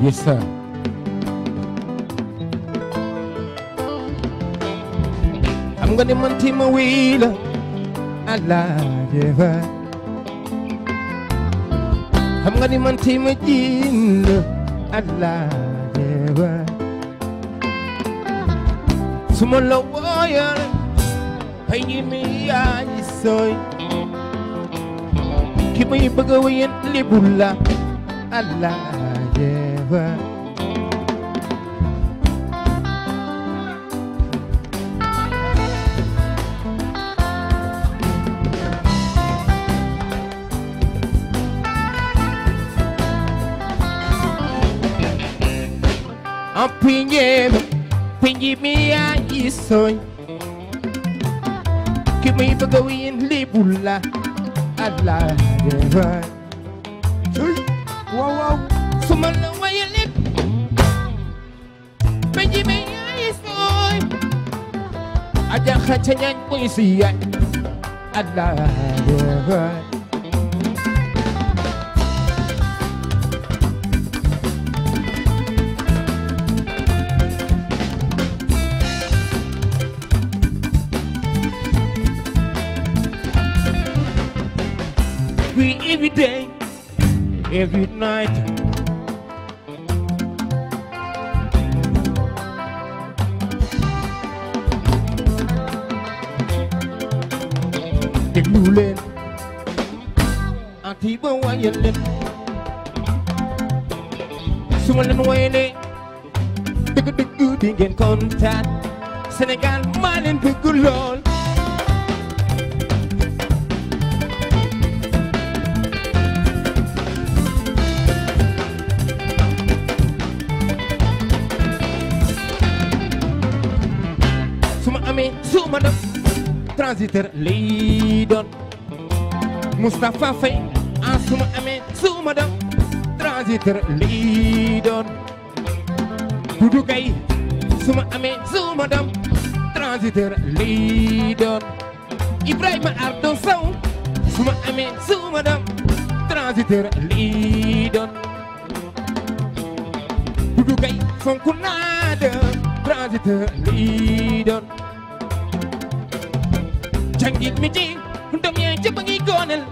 Yes, sir. I'm gonna maintain my wheel. I love you. I'm gonna maintain my jean. I love you. Tomorrow, warrior. Pay me, I soy. Keep me, bugger, and libula. I love you that. Opinion, pingy me a isoy. Kimi bagawin libula at la Wow, wow, sumalaw We every day, every night. Senegal maa leen bëgg lool su ma amee su suma def transiteur lii doon Moustapha Faye suma su ma def transiteur doon transiteur lii doon Ibrahima Ardo Sow su ma amee suma doom transiteur lii doon Dudu Gay fonk naa de transiteur lii doon jàngit mi ji doom yaa ca ba ngi goonal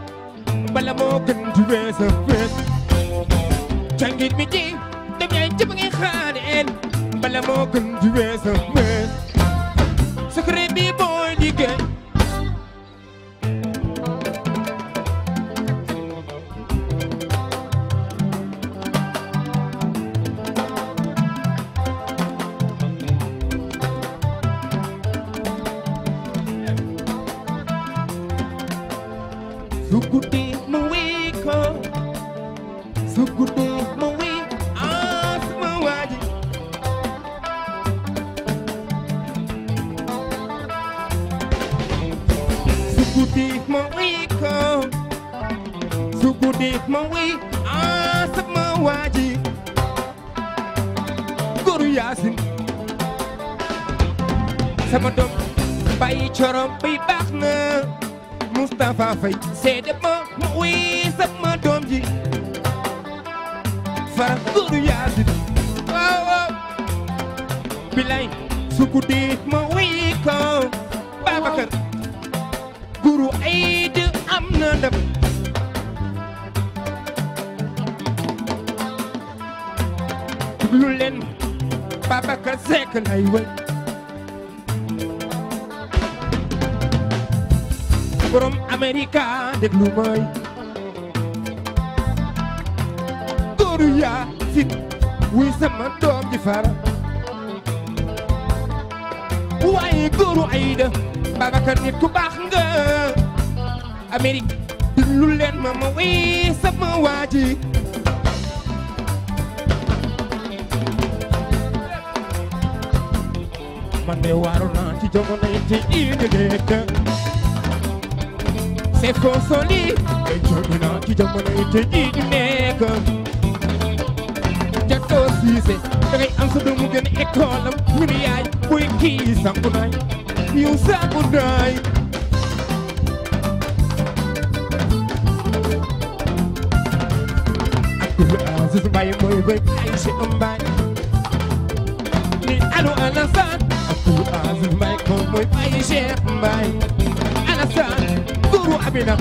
bala moo gën di wees a fees jàngit mi ji doom yaa ca ba ngi xaareel bala moo gën di wees a fees sucre bi mooy liggéey su guddi fay seede ma ma wii sama doom ji faram góoru yaa di waaw waaw bilay su guddee ma wii ko Babacar guru ay di am na ndam lu leen Babacar Seck lay way borom America déglu may góoru yaa sit wuy sama doom ji fara waaye góoru Aida Babacar nit ku baax nga Amérique déglu leen ma ma wuy sama waaji man de waaru naa ci jamono yi ci c'est faux solide ay joguna ci jamono yi te ji ñu nekk jatoo siise dangay gën école am ñu ne yaay buy kii sangu naay yow sangu mooy bay Aïcha Mbaye ni alu Alassane Abdul Aziz Mbaye mooy bay Cheikh Mbaye ku abinam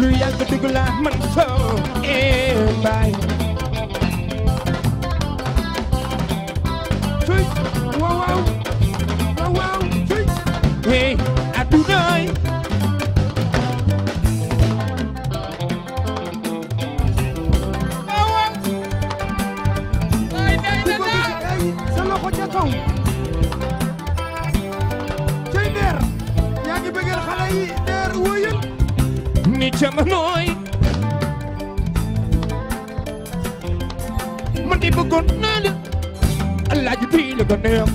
lu yàgg dëgg la man soo ee baay cuy waaw waaw waaw waaw cuy ee adunaay Nder yaa ngi bëggal xale yi Nder wóoyal mình mi chama noi Mandi bugon nele Allah ji pile gonem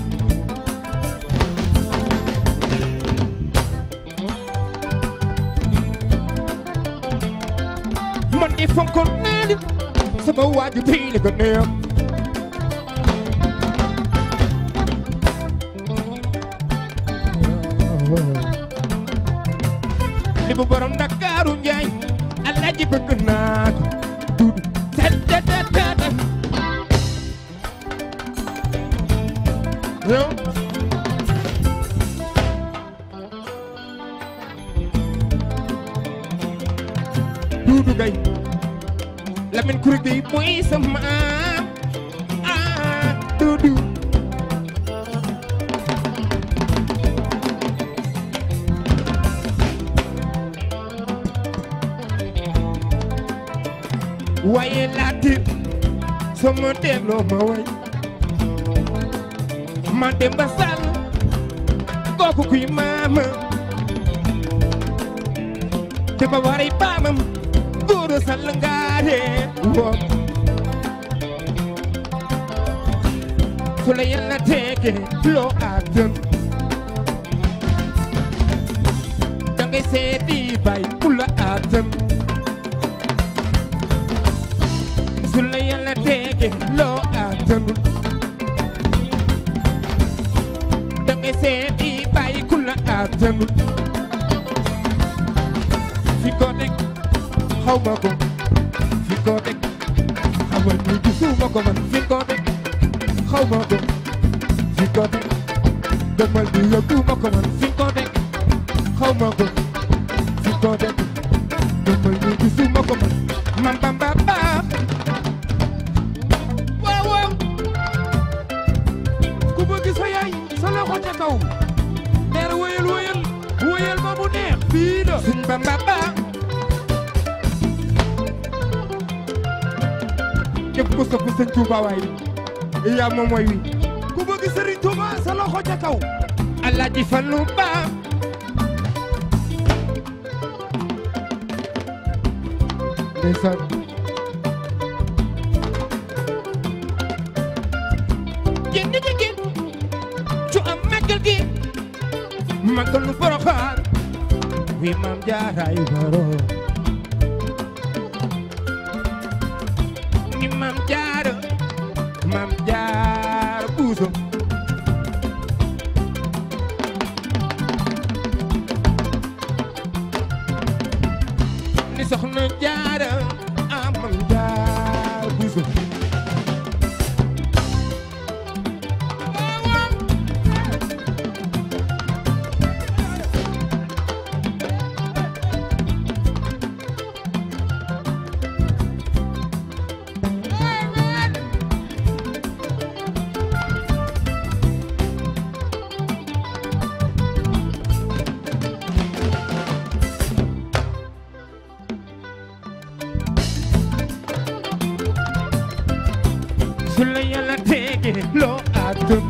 Mandi fonkon nele Sama waji pile gonem Libu baram gi bëgg naa ko duudu te te te te te yow duudu gay lamin kurig day mooy sa maam may laajte soo ma delloo ma way ma dem ba sàll kooku kuy maama dama waray baamam góoro sàll ngaare woom su la yàlla teege loo àttan dangay seeti bay bu la àttan la tege loo àttanul dangay seet yi bàyyi ku la àttanul fi ko teg xaw ma ko fi ko teg xaw ma ñu gisuma ko man fi ko teg xaw ma ko fi ko teg demal bi yëguma ko man fi ko teg xaw ma ko fi ko teg demal ñu gisuma man man bambam biida Sumbe Mbaba képp ku sopp Sëñ Tuuba waay yaa moom mooy wi ku bëgg Sëriñ Tuuba sa loxo ca kaw Alaaji Fallu Ba ndeysaan génn gi gi cu am màggal gi màggalu Poroxaan fi mam jaaray faro ni mam jaar mam jaar buuso ni soxna jaar loo atum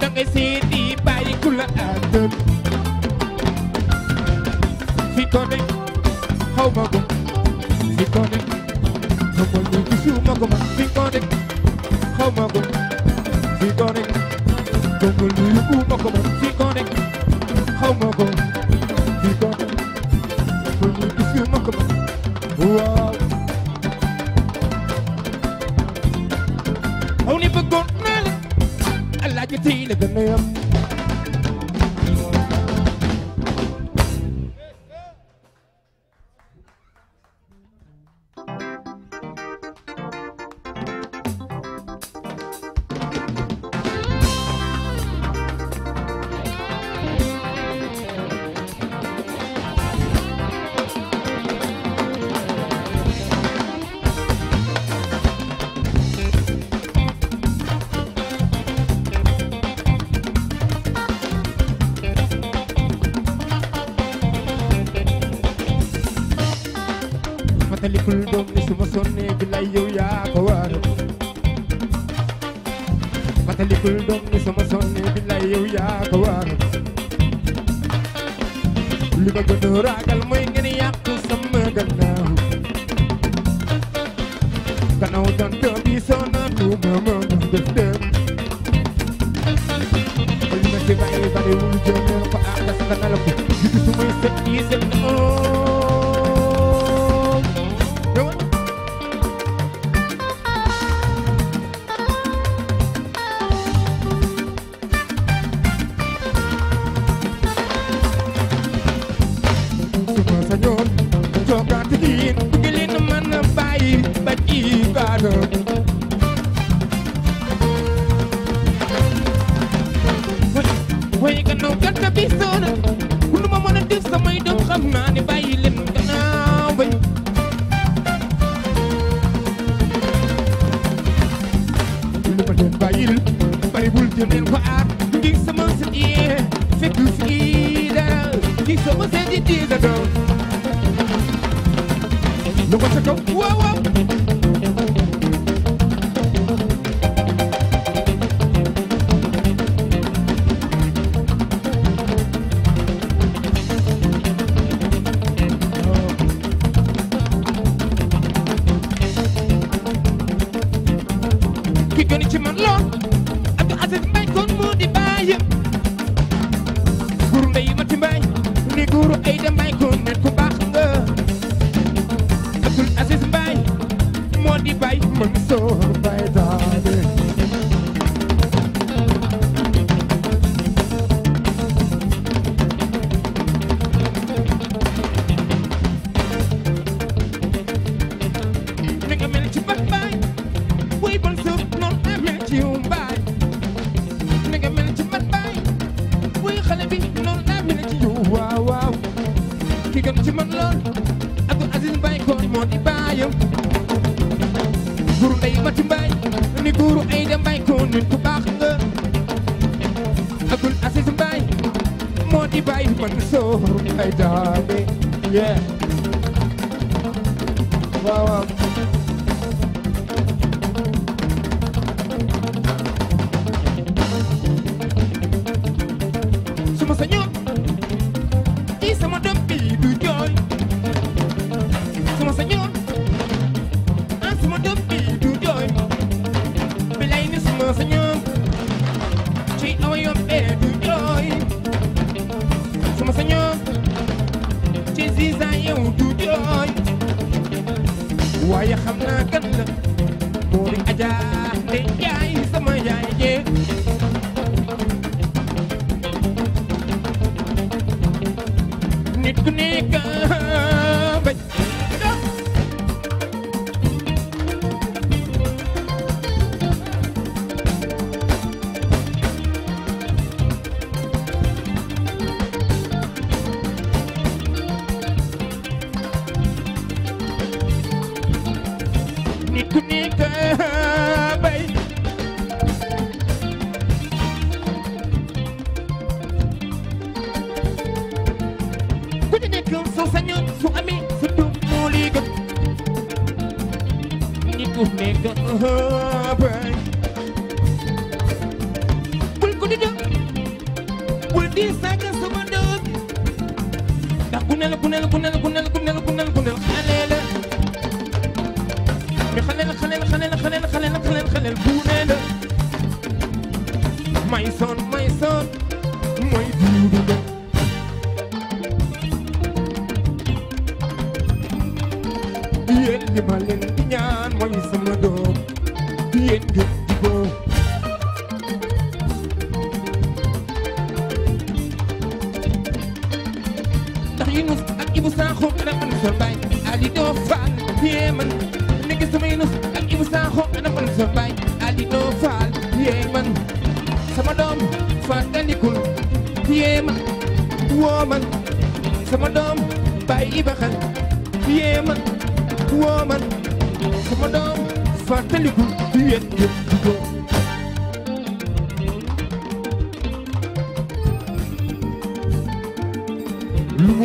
dangay seeti bàyyi ku la atum fi toog xaw ma lay yow yaa ko war fatalikul doom ni sama sonne bi lay yow yaa ko war li ma gën a ragal mooy ngeen yàq sama gannaaw gannaaw tonton bi sonatu ma ma ma def dem li ma ci bàyyi bariwul jël ko ànd sakanal ko juddu su may set yi set oo Chicago. waaye gannaaw gerte bi soona lu ma mën a def samay doom xam naa ne bàyyi leen gannaaw bay lu ma leen bàyyil bari bul jël leen ko aar ngi sama sët yee fekk fi dara ngi sama sët yi di da doom lu ko sa kaw waaw waaw power. Nick. pour mega hurry. Will go to Will this saga sama dog? Da kunel kunel kunel kunel kunel kunel kunel alele. Mi khalel khalel khalel khalel khalel khalel khalel kunel. My son, my son. nus ak Ibou Sakho ana man sor bay Ali doo faal yee man nekk samay nus ak Ibou Sakho ana man sor bay Ali doo faal yee man sama doom fàttalikul yee man woo man sama doom bàyyi baxal yee man woo man sama doom fàttalikul yéen yéen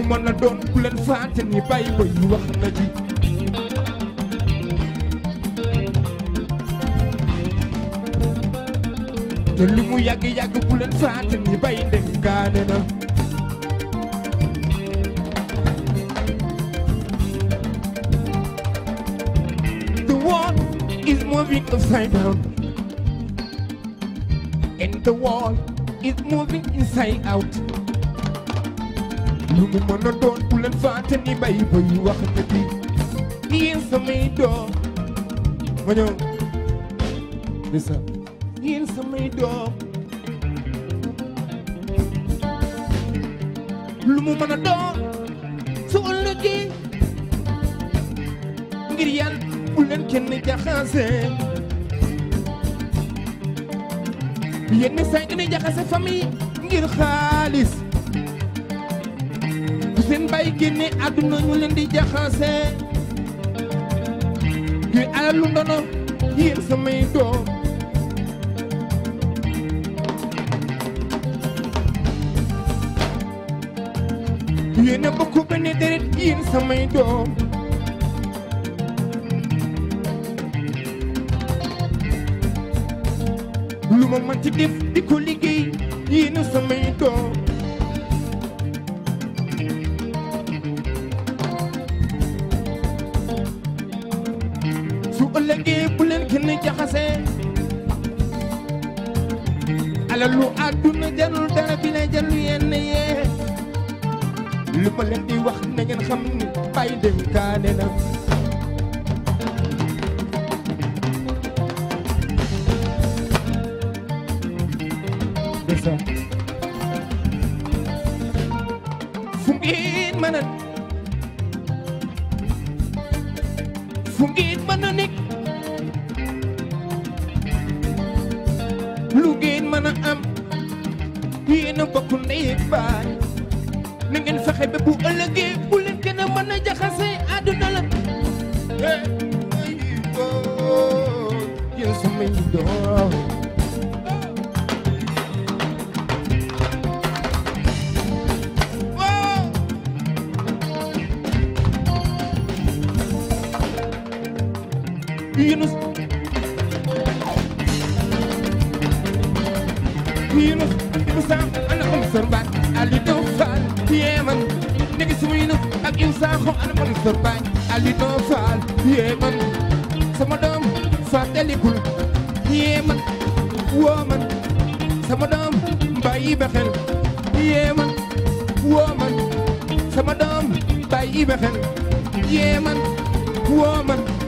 man mën a doon bu leen fàtte ni bay ba yu wax na ji te lu mu yàgg yàgg bu leen fàtte ni bay ndenkaane na the world is moving upside down and the world is moving inside out lu mu mën a doon bu leen fàtte ni bay bay wax na di yéen samay doom ma ñëw lisa yéen samay doom lu mu mën a doon su ëllëgee ngir yàlla bu leen kenn jaxase yéen say gën a jaxase famille ngir xaalis seen bay génne àdduna ñu di jaxase yéen samay doom a bokk benn deret yéen samay doom lu ma mën def di ko liggéey yéen samay doom kili jaxase alalu àdduna jarul dara bi lay jarul yenn yee wax na a a lu ngeen mën a am yéen a bokk ndey ak baay na ngeen fexe ba bu ëllëgee bu leen kenn mën a jaxase àdduna la oh, yéen sama ñu doom yunus ينو إنسان أنا أنصر بعد اللي دوفال يمن نجس وينو أك إنسان خو أنا أنصر بعد اللي دوفال يمن سما دوم فاتلي كل يمن ومن سما دوم باي بخل يمن ومن سما دوم باي بخل يمن ومن